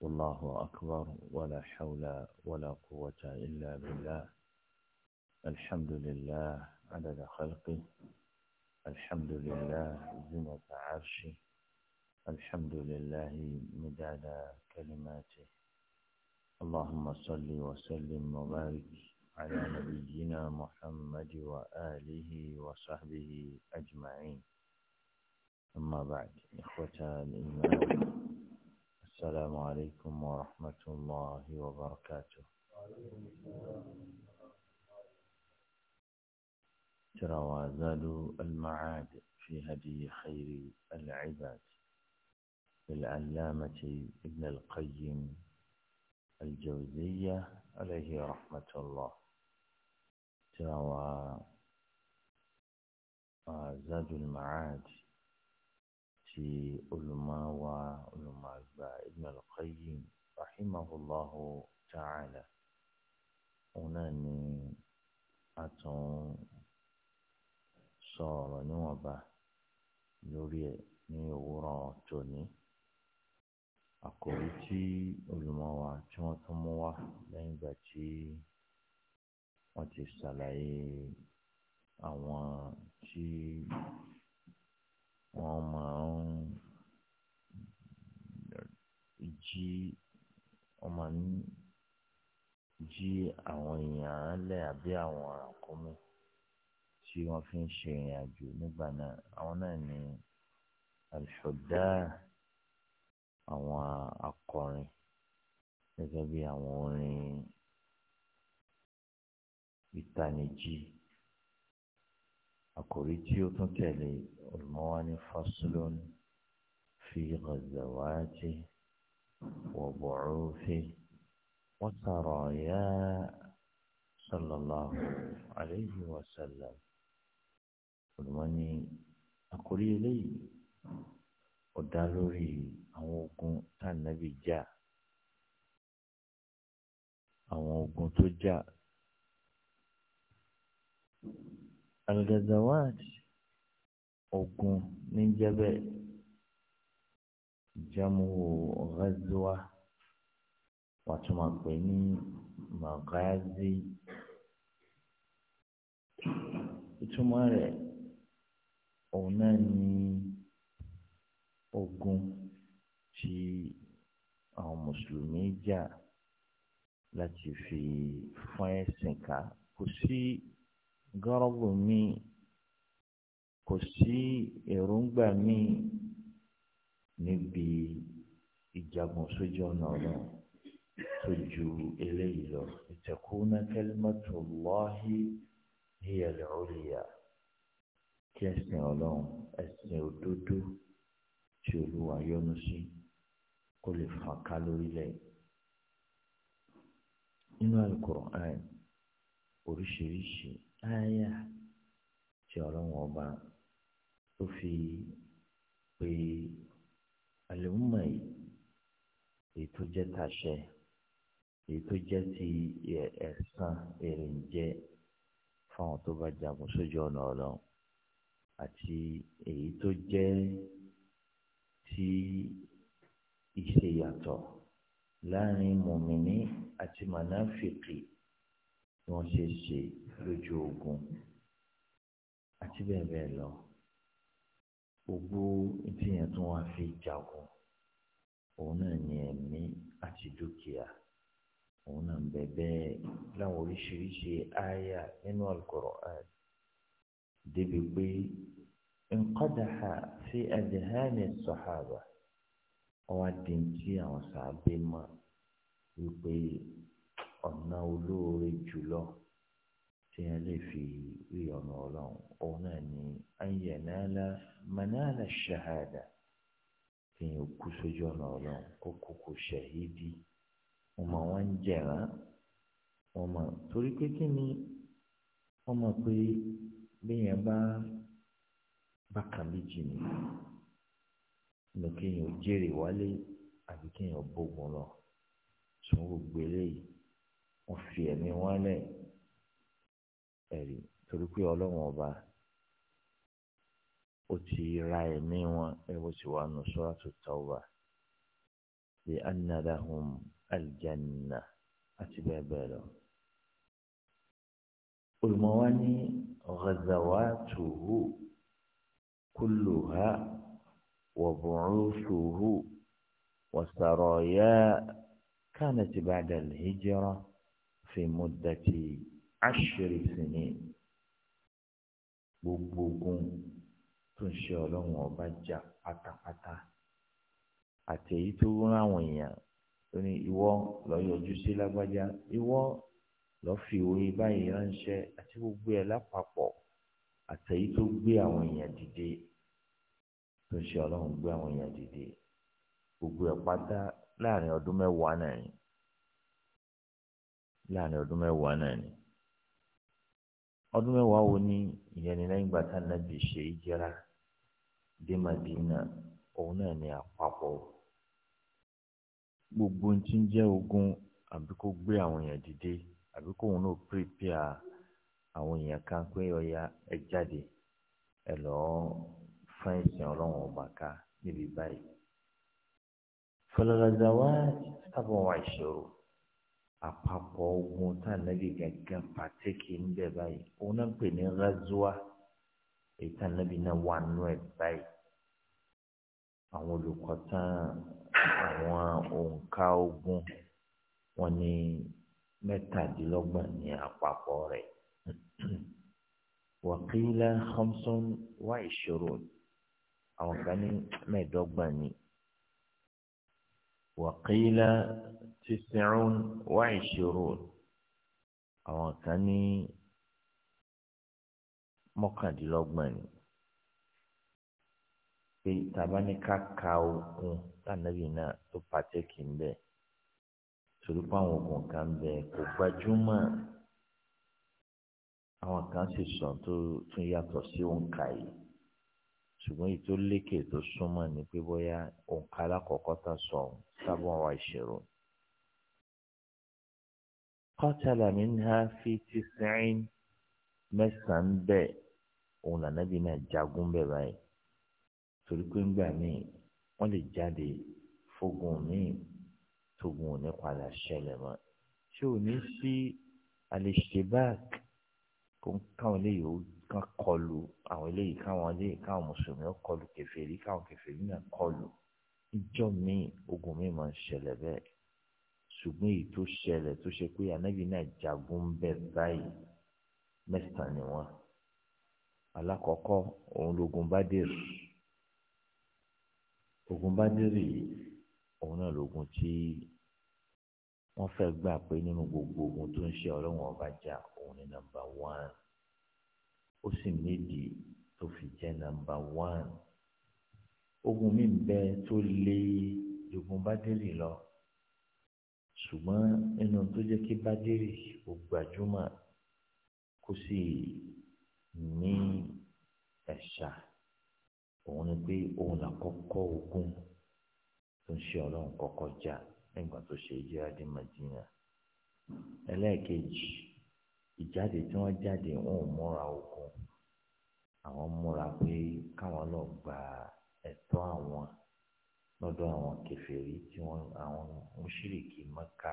والله أكبر ولا حول ولا قوة إلا بالله الحمد لله عدد خلقه الحمد لله زنة عرشه الحمد لله مداد كلماته اللهم صل وسلم وبارك على نبينا محمد وآله وصحبه أجمعين أما بعد إخوة الإيمان السلام عليكم ورحمة الله وبركاته تروازل المعاد في هدي خير العباد للعلامة ابن القيم الجوزية عليه رحمة الله تروازل المعاد tí olùmọ̀wá olùmọ̀gbà Ibn al-Qayyim rahimahullahu ta'ala òun náà ni a tún sọ ọ̀rọ̀ níwọ̀nba lórí ẹ̀ ní òwúrọ̀ tòní àkòrí tí olùmọ̀wá tí wọ́n tún mú wá lẹ́yìn ìgbà tí wọ́n ti ṣàlàyé àwọn tí wọ́n máa ń jí wọ́n máa ń jí àwọn èèyàn lẹ̀ àbí àwọn àkómi tí wọ́n fi ń ṣe ìrìn àjò nígbà náà àwọn náà ní àlùfọ̀dá àwọn akọrin gẹ́gẹ́ bí àwọn orin ìtanijí àkòrí tí ó tún tẹ̀lé olùmọ́wá ní faslun fi ghazawati wa bu'uthi wa saraya sallallahu alayhi wa sallam olùmọ́ ní àkòrí eléyìí ó dá lórí àwọn ogun tá nàbí jà àwọn ogun tó jà algazawat ogun ní jẹ́bẹ̀ jamu ghazwa wàá tún máa pè ní magazi ìtumọ̀ rẹ̀ òun náà ní ogun tí àwọn mùsùlùmí jà láti fi fún ẹ̀sìn ká kò sí gọ́rọ́bù mi kò sí èròǹgbà mi níbi ìjagun sójú ọ̀nà ọ̀rọ̀ tó ju eléyìí lọ ìtẹ̀kùnà kẹlímọ́tò lọ́hí hiyẹ̀lẹ̀ òrìyà kí ẹ̀sìn ọlọ́run ẹ̀sìn òdodo tí olúwa yọ́nú sí kó lè fàn ká lórílẹ̀ nínú Al-Qur'an oríṣiríṣi áyà tí ọlọ́run ọba tó fi pé àlùmọ̀ yìí èyí tó jẹ́ tàṣẹ èyí tó jẹ́ ti ẹ̀san èrè ń jẹ́ fáwọn tó bá jagun sójú ọ̀nà ọlọ́run àti èyí tó jẹ́ ti ìṣèyàtọ̀ láàrin mùmíní àti mànáfìkì tí wọ́n ṣe ṣe. lójú ogun àti bẹ́ẹ̀ bẹ́ẹ̀ lọ gbogbo ìtìyàn tó wá fi jagun òun náà ní ẹ̀mí àti dúkìá òun náà ń bẹ bẹ́ẹ̀ láwọn oríṣiríṣi àyà nínú Al-Qur'an débi pé nqadaha fi adhani as ọwọ́ dèntí àwọn sàábé wípé ọ̀nà olóore tí ẹ lè fi rí ọ̀nà ọlọ́run òun náà ni ayẹ̀nàlá shahada tí ẹ kú sójú ọ̀nà ọlọ́run kó kókó ṣàhídì wọn mọ wọn ń jẹ̀rán wọn mọ torí pé kí ni wọn mọ pé bíyẹn bá bákan méjì ni nínú kéèyàn jèrè wálé fi ẹ̀mí ẹ̀rí torí pé ọlọ́run ọba ó ti ra ẹ̀mí wọn ẹ̀wọ̀n ti wà nù suratu Tawbah bí anna lahum aljanna àti bẹ́ẹ̀ bẹ́ẹ̀ lọ. olùmọ̀ wa ní ghazawatuhu kulluha wa bu'uthuhu wa saraya kanat ba'da al-hijra fi muddati àṣírí sini, ni gbogbo ogun tó ń ṣe ọlọ́run ọba jà pátápátá àti èyí tó rán àwọn èèyàn tó ní ìwọ lọ yọjú sí lágbájá ìwọ lọ fi òwe báyìí ránṣẹ́ àti gbogbo ẹ̀ lápapọ̀ àti èyí tó gbé àwọn èèyàn dìde tó ń ṣe ọlọ́run gbé àwọn èèyàn dìde gbogbo ẹ̀ pátá láàrin ọdún mẹ́wàá náà ni láàrin ọdún mẹ́wàá náà ni ọdún mẹ́wàá wo ni ìyẹnilẹ́yìn ìgbà tá nàbì ṣe ìjẹra dé Madina òun náà ni àpapọ̀ gbogbo ohun tí ń jẹ́ ogun àbí kó gbé àwọn èèyàn dìde àbí kó òun náà pírìpíà àwọn èèyàn kan pé ọ̀ya ẹ jáde ẹ lọ́ọ́ fún ẹ̀sìn ọlọ́run ọba ká níbi báyìí. fọlọ́lọ́dà wá sábà wà ìṣòro àpapọ̀ ogun tá a nàbì gàgà pàtẹ́kì ń bẹ̀ báyìí òun náà pè ní razuwa èyí tá a nàbì náà wà nù ẹ̀ báyìí àwọn olùkọ́ tán àwọn òǹkà ogun wọn ní mẹ́tàdínlọ́gbọ̀n ní àpapọ̀ rẹ̀ wàkìlá hamsun wà ìṣòro àwọn kan ní mẹ́ẹ̀ẹ́dọ́gbọ̀n ni wàkìlá tisiun wa ishirun àwọn kan ní mọ́kàndínlọ́gbọ̀n ni pé tabaníkà ka okun tànàbí náà tó pàtẹ́kì ń bẹ̀ torí pé àwọn okun kan ń bẹ kò gbajúmọ̀ àwọn kan sì sàn tó tún yàtọ̀ sí òǹkà yìí ṣùgbọ́n èyí tó lékè tó súnmọ́ ni pé bóyá òǹkà alákọ̀ọ́kọ́ tà sọ sábọ̀n wa ìṣirò qatala minha fi tis'in mẹ́sàn-án bẹ́ẹ̀ òun lànàbí náà jagun bẹ́ẹ̀ báyìí torí pé ńgbà míì wọ́n lè jáde fogun míì tógun ò ní padà ṣẹlẹ̀ mọ́ tí ò ní sí àlèṣebáàk kó káwọn eléyìí ó kàn kọlù àwọn eléyìí káwọn eléyìí káwọn mùsùlùmí ó kọlù kèfèrí káwọn kèfèrí náà kọlù ìjọ míì ogun míì máa ń ṣẹlẹ̀ bẹ́ẹ̀ ṣùgbọ́n èyí tó ṣẹlẹ̀ tó ṣe pé ànábì náà jagun bẹ̀ báyìí mẹ́sàn-án ni wọ́n alákọ̀ọ́kọ́ òun lógun bádìrì ogun bádìrì òun náà lógun tí wọ́n fẹ́ gbà pé nínú gbogbo ogun tó ń ṣe ọlọ́run ọba jà òun ni nọ́mbà wán ó sì méjì tó fi jẹ́ nọ́mbà wán ogun mi bẹ tó lé ogun bádìrì lọ ṣùgbọ́n nínú tó jẹ́ kí bádìrì ó gbajúmọ̀ kó sì ní ẹ̀ṣà òun ni pé òun làkọ́kọ́ ogun tó ń ṣe ọlọ́run kọ́kọ́ já nígbà tó ṣe ìjíráde Madina ẹlẹ́ẹ̀kejì ìjáde tí wọ́n jáde wọn ò múra ogun àwọn múra pé káwọn lọ gba ẹ̀tọ́ àwọn lọ́dọ̀ àwọn kèfèrí tí wọ́n àwọn mùṣírìkì Mẹ́kà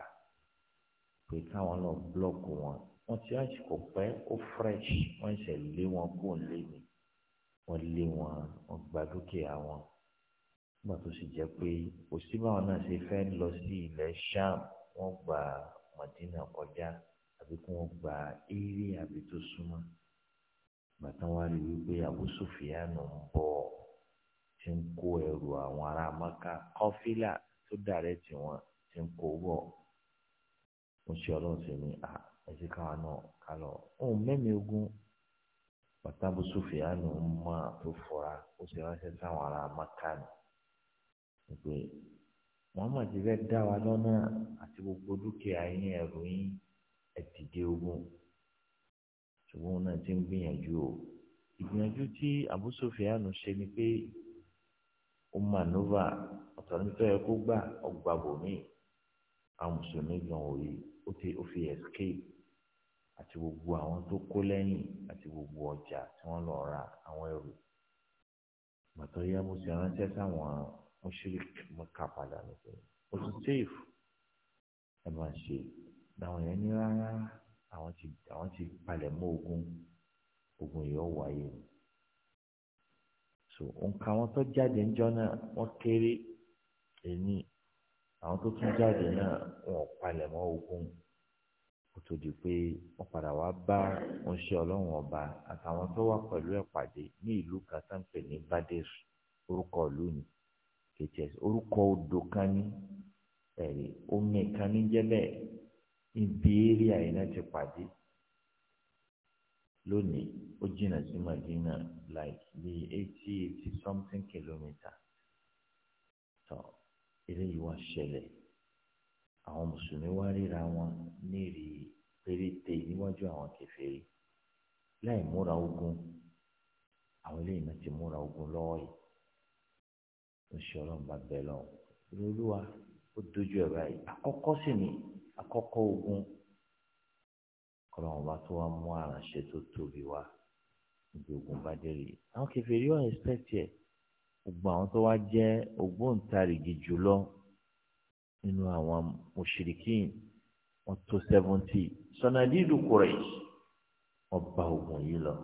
pé káwọn náà búlọ́ọ̀kù wọn wọ́n ti àsìkò pẹ́ ó fresh wọ́n ṣẹ̀ lé wọn kó lé mi wọ́n lé wọn wọ́n gba dúkìá wọn nígbà tó sì jẹ́ pé kò sí báwọn náà ṣe fẹ́ lọ sí ilẹ̀ sham wọ́n gba Madina kọjá àbí kí wọ́n gba eré àbí tó súnmọ́ bàtà wá rí wípé Abu Sufyan ń bọ̀ ọ́ ti ń kó ẹrù àwọn ará mọ́ká kọ́fílà tó dàrẹ́ tí wọ́n ti ń kó wọ̀ mo ṣe ọlọ́run sí mi à ẹ̀jẹ̀ káwa náà ká lọ òun mẹ́mi ogun pàtàkì sùfìyànù mọ́ tó fọ́ra ó sì ránṣẹ́ sáwọn ará mọ́ká ni pé muhammad ti fẹ́ dá wa lọ́nà àti gbogbo dúkìá yín ẹrù yín ẹ̀dìdé ogun ṣùgbọ́n náà ti ń gbìyànjú o ìgbìyànjú tí àbúsọ̀fìyànù ṣe ni pé ó maneuver ọ̀tọ̀ nítorí ẹ kó gbà ọgbà bòmíì àwọn mùsùlùmí gan òye ó ti ó fi escape àti gbogbo àwọn tó kó lẹ́yìn àti gbogbo ọjà tí wọ́n lọ ra àwọn ẹrù gbàtọ́ yá mo sì ránṣẹ́ sáwọn mọ́ṣíríkì mo kà padà nìkan mo ti save ẹ máa ṣe làwọn yẹn ní rárá àwọn ti palẹ̀ mọ́ ogun ogun yìí ó wáyé ni so òǹkà àwọn tó jáde ńjọ́ náà wọ́n kéré ẹni àwọn tó tún jáde náà wọn ò palẹ̀ mọ́ ogun kó tó di pé wọ́n padà wá bá oṣù ọlọ́run ọba àtàwọn tó wà pẹ̀lú ẹ̀ pàdé ní ìlú kàtàǹpẹ̀ ní badir orúkọ ìlú ni kts orúkọ odò kan ní ẹ̀rí omi kan ní jẹ́lẹ̀ ibi eré àyìnà ti pàdé lónìí ó jìnnà sí Madina like bí eighty eighty something kilometre tó eléyìí wá ṣẹlẹ̀ àwọn mùsùlùmí wá ríra wọn nírì péréte níwájú àwọn kèfèrí láì múra ogun àwọn eléyìí náà ti múra ogun lọ́wọ́ yìí ó ṣe ọlọ́run bá bẹ̀ lọ́wọ́ olúwa ó dojú ẹ̀ báyìí àkọ́kọ́ sì ni àkọ́kọ́ ogun kọ́lọ́run bá tó wá mú àránṣẹ́ tó tóbi wá níbi ogun bá dé rí àwọn kẹfìrí wọn expect ẹ gbogbo àwọn tó wá jẹ́ ògbóǹtarìgì jùlọ nínú àwọn mushrikin wọn tó seventy sọnàdídù Quraysh wọn bá ogun yìí lọ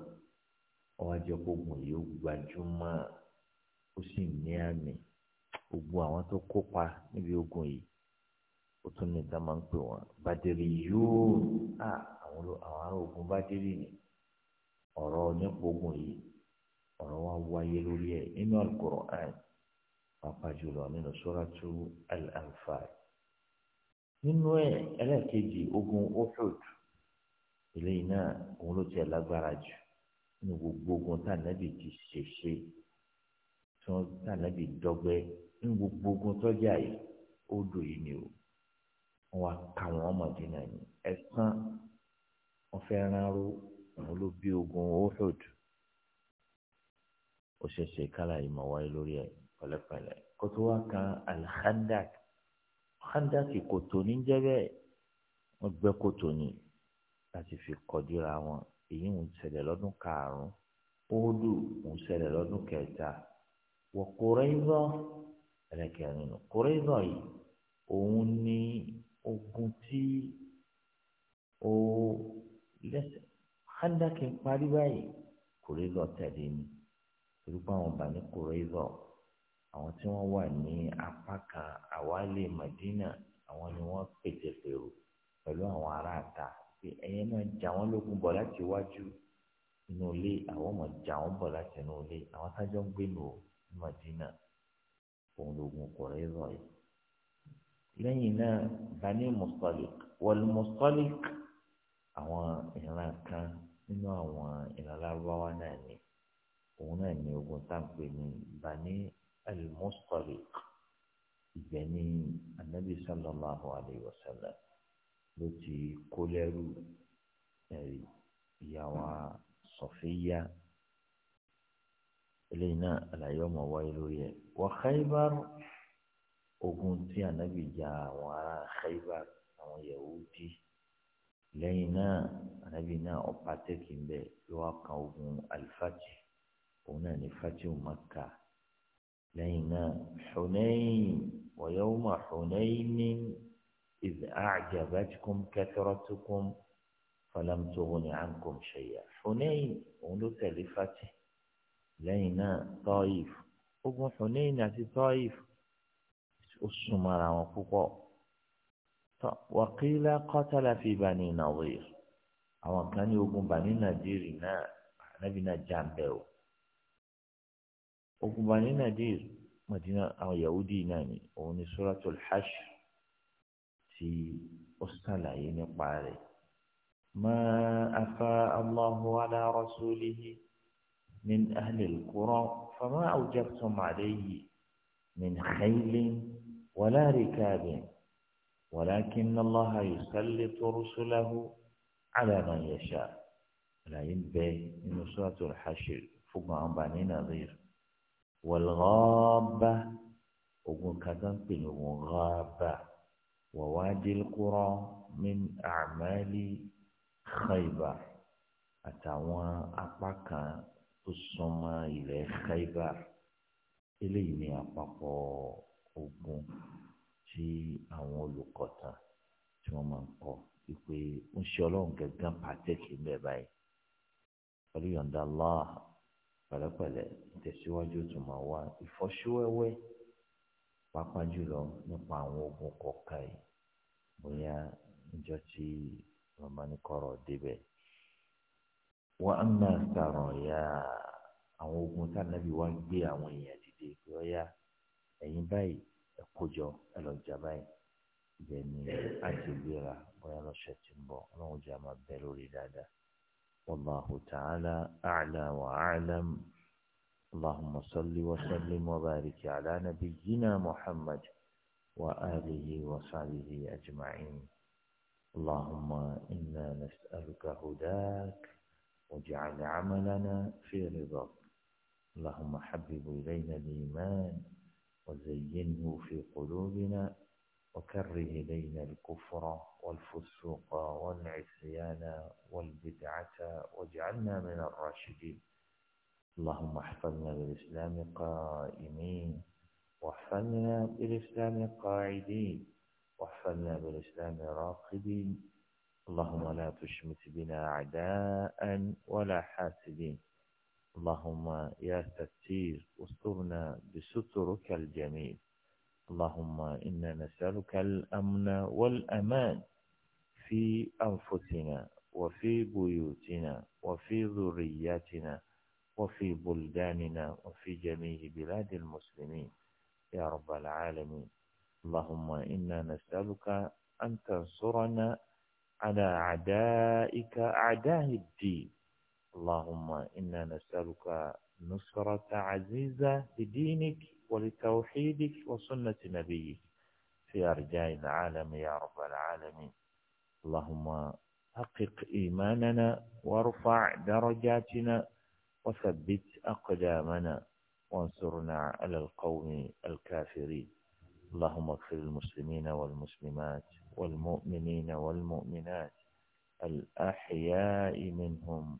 wọn wá jẹ́ kó ogun yìí ó gbajúmọ̀ ó sì ní àmì gbogbo àwọn tó kópa níbi ogun yìí ó tún ní ìdá máa ń pè wọn bàdèrè yóò à. Ah àwọn ará ogun bátírì ni ọ̀rọ̀ nípa ogun yìí ọ̀rọ̀ wa wáyé lórí ẹ̀ nínú al pàápàá jùlọ nínú suratu al-Anfal nínú ẹ̀ ẹlẹ́ẹ̀kejì ogun Uhud eléyìí náà òun ló tiẹ̀ lágbára jù nínú gbogbo ogun tá ànábì ti ṣèṣe tí wọ́n tá ànábì dọ́gbẹ́ nínú gbogbo ogun tọ́jà yìí ó dùn yìí ni o wọ́n wá ká wọn ọmọdé náà ní ẹ̀sán wọ́n fẹ́ rán ró òun ló bí ogun Uhud ó ṣẹ̀ṣẹ̀ kálá ìmọ̀ wáyé lórí ẹ̀ pẹ̀lẹ́pẹ̀lẹ́ kó tó wá kan al-Khandak Khandak kòtò ní jẹ́bẹ́ wọ́n gbẹ́ kòtò ní láti fi kọjúra wọn èyí ń ṣẹlẹ̀ lọ́dún karùn-ún Uhudu ń ṣẹlẹ̀ lọ́dún kẹta wọ Qurayza ẹlẹ́kẹrin nù Qurayza yìí òun ní ogun tí ó lẹ́sẹ̀ kádà kí n parí báyìí kòrèzọ tẹ̀lé ni orúkọ àwọn ọba ní kòrèzọ àwọn tí wọ́n wà ní apá kan àwálé Madina àwọn ni wọ́n pètè pèrò pẹ̀lú àwọn aráàta pé ẹ̀yẹ máa jà wọ́n lókun bọ̀ láti iwájú inú ilé àwọn ọmọ jà wọ́n bọ̀ láti inú ilé àwọn tájọ́ ń gbé nù ní Madina òun lóògùn kòrèzọ yìí lẹ́yìn náà Bani Mustalik wal Mustalik àwọn ìran kan nínú àwọn ìran lárúbáwá náà ni òun náà ni ogun táǹpé ní bani al-Mustaliq ìgbẹ́ ní anabi sallallahu alayhi wa sallam ló ti kó lẹ́rú ẹ̀rí ìyàwó Sọfíyà eléyìí náà àlàyé ọmọ wáyé lórí ẹ̀ wà Khaybar ogun tí anabi jà àwọn ará Khaybar àwọn Yahudi lẹ́yìn náà anabi náà ọ̀pá tẹ́kì ń bẹ̀ ló wá kan ogun alifati òun náà ní fatihu maka lẹ́yìn náà Hunayn wa yawma Hunaynin idh a'jabatkum kathratukum falam tughni ankum shay'a Hunayn òun ló tẹ̀lé fati lẹ́yìn náà Taif ogun Hunayn àti Taif ó súnmọ́ra wọn púpọ̀. وقيل قتل في بني نظير او كان يقوم بني نظير نبينا جامبو وقوم بني نظير مدينة او يهودي ناني وني سورة الحشر في أستلا ينقاري ما أفاء الله على رسوله من أهل القرى فما أوجبتم عليه من خيل ولا ركاب walakin Allah yusallitu rusulahu ala man yasha àlàyé ń bẹ nínú suratul Hashr fúnkan àwọn Bani Nadir wal Ghaba ogun kàdán pè ní ogun Ghaba wa Wadil Qura min a'mali Khaybar àtàwọn apá kan tó súnmọ́ ilẹ̀ Khaybar eléyìí ní àpapọ̀ ogun. si àwọn olùkọ́tàn tí wọ́n máa ń kọ́ ìpè ń ṣe ọlọ́run gẹ́gẹ́ pàtẹ́kì ń bẹ̀ báyìí pẹ̀lú yọ̀ǹda pere pẹ̀lẹ́pẹ̀lẹ́ ìtẹ̀síwájú tó máa wá ìfọ́síwẹ́wẹ́ pápá jùlọ nípa àwọn ogun kọ̀ọ̀kan yìí bóyá níjọ́ tí màmá ní kọ́rọ̀ débẹ̀. wọ́n á máa sàràn ya àwọn ogun tá a nábì wá gbé àwọn èèyàn dìde ẹ̀kọ́jọ ẹlọ́jà báyìí bẹ́ẹ̀ ni àti bóyá lọ́sẹ̀ tí ń bọ̀ ọlọ́run jẹ́ àmà bẹ́ẹ̀ lórí dáadáa. والله تعالى أعلى وأعلم اللهم صل وسلم وبارك على نبينا محمد وآله وصحبه أجمعين اللهم إنا نسألك هداك واجعل عملنا في رضاك اللهم حبب إلينا الإيمان وزينه في قلوبنا وكره إلينا الكفر والفسوق والعصيان والبدعة واجعلنا من الراشدين اللهم احفظنا بالإسلام قائمين واحفظنا بالإسلام قاعدين واحفظنا بالإسلام راقدين اللهم لا تشمت بنا أعداء ولا حاسدين اللهم يا ستير استرنا بسترك الجميل اللهم إنا نسألك الأمن والأمان في أنفسنا وفي بيوتنا وفي ذرياتنا وفي بلداننا وفي جميع بلاد المسلمين يا رب العالمين اللهم إنا نسألك أن تنصرنا على أعدائك أعداء الدين اللهم إنا نسألك نصرة عزيزة لدينك ولتوحيدك وسنة نبيك في أرجاء العالم يا رب العالمين اللهم حقق إيماننا وارفع درجاتنا وثبت أقدامنا وانصرنا على القوم الكافرين اللهم اغفر المسلمين والمسلمات والمؤمنين والمؤمنات الأحياء منهم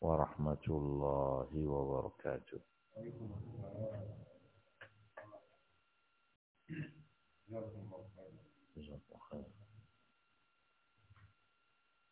ورحمة الله وبركاته جزاكم الله